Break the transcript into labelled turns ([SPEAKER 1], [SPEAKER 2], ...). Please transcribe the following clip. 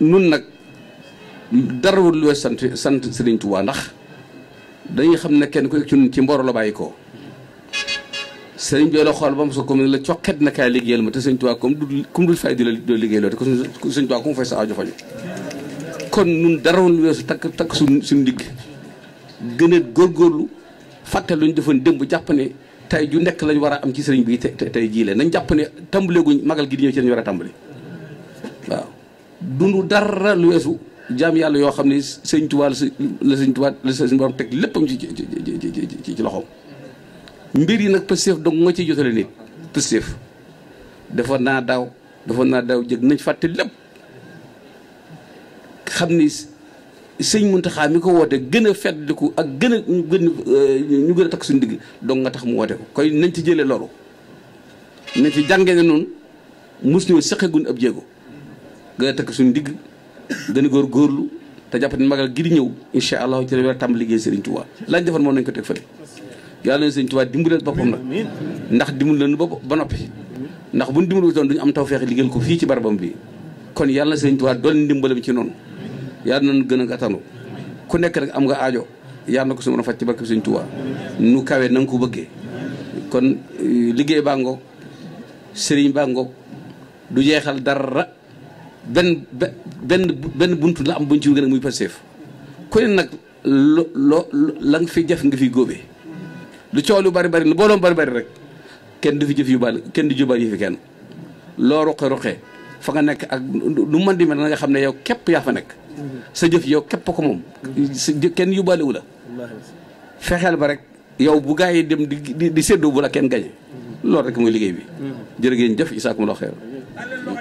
[SPEAKER 1] nun nag dara lu wees sant sant Sëriñ Tuubaa ndax dañu xam ne kenn ku nekk ci nun ci mboro la bàyyi ko sëriñ bi la xool ba mu soog ko mu ne la coqet na kaay liggéeyal ma te Sëriñ Tuubaa comme du comme dul fay la doo liggéey te Sëriñ Tuubaa ku mu sa aajo faju kon nun dara lu weesu takk takk suñ suñ ndigg gën góor góorgóorlu fàtte luñ defoon démb jàpp ne tey ju nekk lañ war a am ci sëriñ bi tey jiile nañ jàpp ne tàmbaleeguñ magal gi di ñëw ci lañ war a tàmbali waaw dundu dara lu weesu jaam yàlla yoo xam ne sëñ Tuubaa la sëñ Tuubaa la sëñ borom teg léppam ci ci ci ci loxoom. mbir yi nag pësteef dong nga ciy jotale nit pësteef defoon naa daaw defoon naa daaw jëg nañ fàtte lépp xam ni sëñ Muntaxa mi ko woote gën a feddiku ak gën a ñu gën euh, ñu gën a takk suñu digg dong nga tax mu woote ko koy nañ ci jëlee loolu nañ ci jàngee ne noonu mos ñoo sëqeguñ ab jéego. gën a takk suñu digg gën a góor góorlu te jàpp ne magal gi di ñëw incha allah ci la a tàmbali liggéey Serigne Touba lañ defoon moom nañ ko teg fële yàlla nañu Serigne Touba dimbaleel boppam nag ndax ba noppi ndax buñ dimbalu toon duñu am taw feexe liggéeyal ko fii ci barabam bi kon yàlla na Serigne Touba doon ndimbalam ci noonu yàlla nañu gën a attanu ku nekk rek am nga aajo yàlla na ko suñu mën a faj ci barke Serigne Touba nu kawe na nga ko bëggee kon euh, liggéey baa ngoog Serigne baa ngoog du jeexal dara benn benn benn buntu la am buñ ci gën a muy Pastef ku ne nag lo loo la nga fi jëf nga fiy góobee lu coow lu bari bari lu booloom bari bari rek kenn du fi jëf yu bari kenn du jubal yi fi kenn loo roqe-roqe fa nga nekk ak lu man di mel na nga xam ne yow képp yaa fa nekk sa jëf yow képp ko moom kenn yóbbaalewu la fexeel ba rek yow bu gaa yi dem di di séddoo bu la kenn gañe loolu rek mooy liggéey bi mm-hmm. jërë ngeen jëf isaakumulaa xeer